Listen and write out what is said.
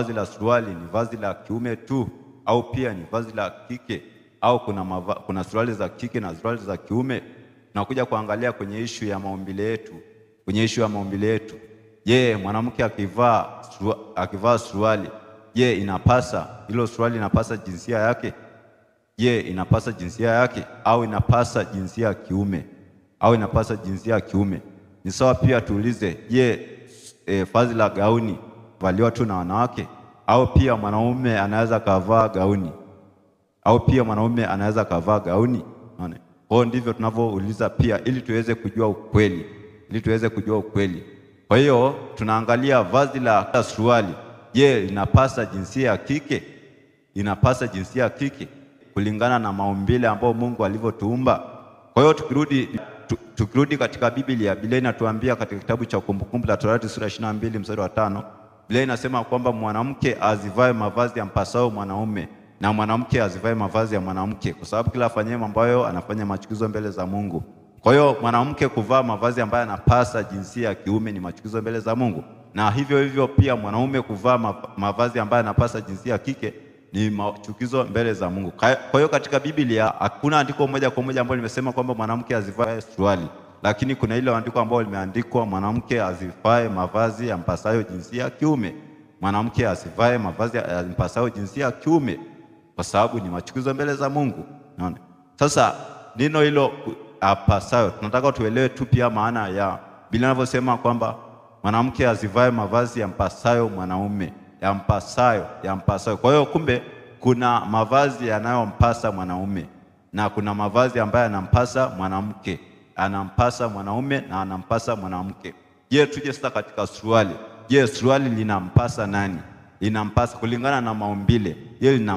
vazi la suruali ni vazi la kiume tu au pia ni vazi la kike au kuna, mava, kuna suruali za kike na suruali za kiume. Tunakuja kuangalia kwenye ishu ya maumbile yetu, kwenye ishu ya maumbile yetu. Je, mwanamke akivaa akivaa suruali, je, inapasa hilo suruali inapasa jinsia yake? Je, inapasa jinsia yake au inapasa jinsia ya kiume au inapasa jinsia ya kiume? Ni sawa pia tuulize, je, e, vazi la gauni kuvaliwa tu na wanawake, au pia mwanaume anaweza kavaa gauni, au pia mwanaume anaweza kavaa gauni? Unaona, kwa hiyo ndivyo tunavyouliza pia, ili tuweze kujua ukweli, ili tuweze kujua ukweli. Kwa hiyo tunaangalia vazi la suruali, je, inapasa jinsia ya kike? Inapasa jinsia ya kike kulingana na maumbile ambayo Mungu alivyotuumba. Kwa hiyo tukirudi tukirudi katika Biblia, Biblia inatuambia katika kitabu cha Kumbukumbu la Torati sura 22 mstari wa tano Biblia inasema kwamba mwanamke azivae mavazi ya mpasao mwanaume na mwanamke azivae mavazi ya mwanamke, kwa sababu kila afanyaye ambayo anafanya machukizo mbele za Mungu. Kwa hiyo mwanamke kuvaa mavazi ambayo anapasa jinsia ya kiume ni machukizo mbele za Mungu, na hivyo hivyo pia mwanaume kuvaa mavazi ambayo anapasa jinsia ya kike ni machukizo mbele za Mungu. Kwa hiyo katika Biblia hakuna andiko moja kwa moja ambalo limesema kwamba mwanamke azivae suruali lakini kuna ile andiko ambayo limeandikwa, mwanamke azivae mavazi yampasayo jinsia ya kiume, mwanamke asivae mavazi yampasayo jinsia ya kiume, kwa sababu ni machukizo mbele za Mungu. Naona sasa neno hilo apasayo, tunataka tuelewe tu pia maana ya bila inavyosema kwamba mwanamke azivae mavazi yampasayo mwanaume, yampasayo, yampasayo. Kwa hiyo kumbe kuna mavazi yanayompasa mwanaume na kuna mavazi ambayo yanampasa mwanamke anampasa mwanaume na anampasa mwanamke. Je, tuje sasa katika suruali. Je, suruali linampasa nani? Linampasa kulingana na maumbile. Je, linampasa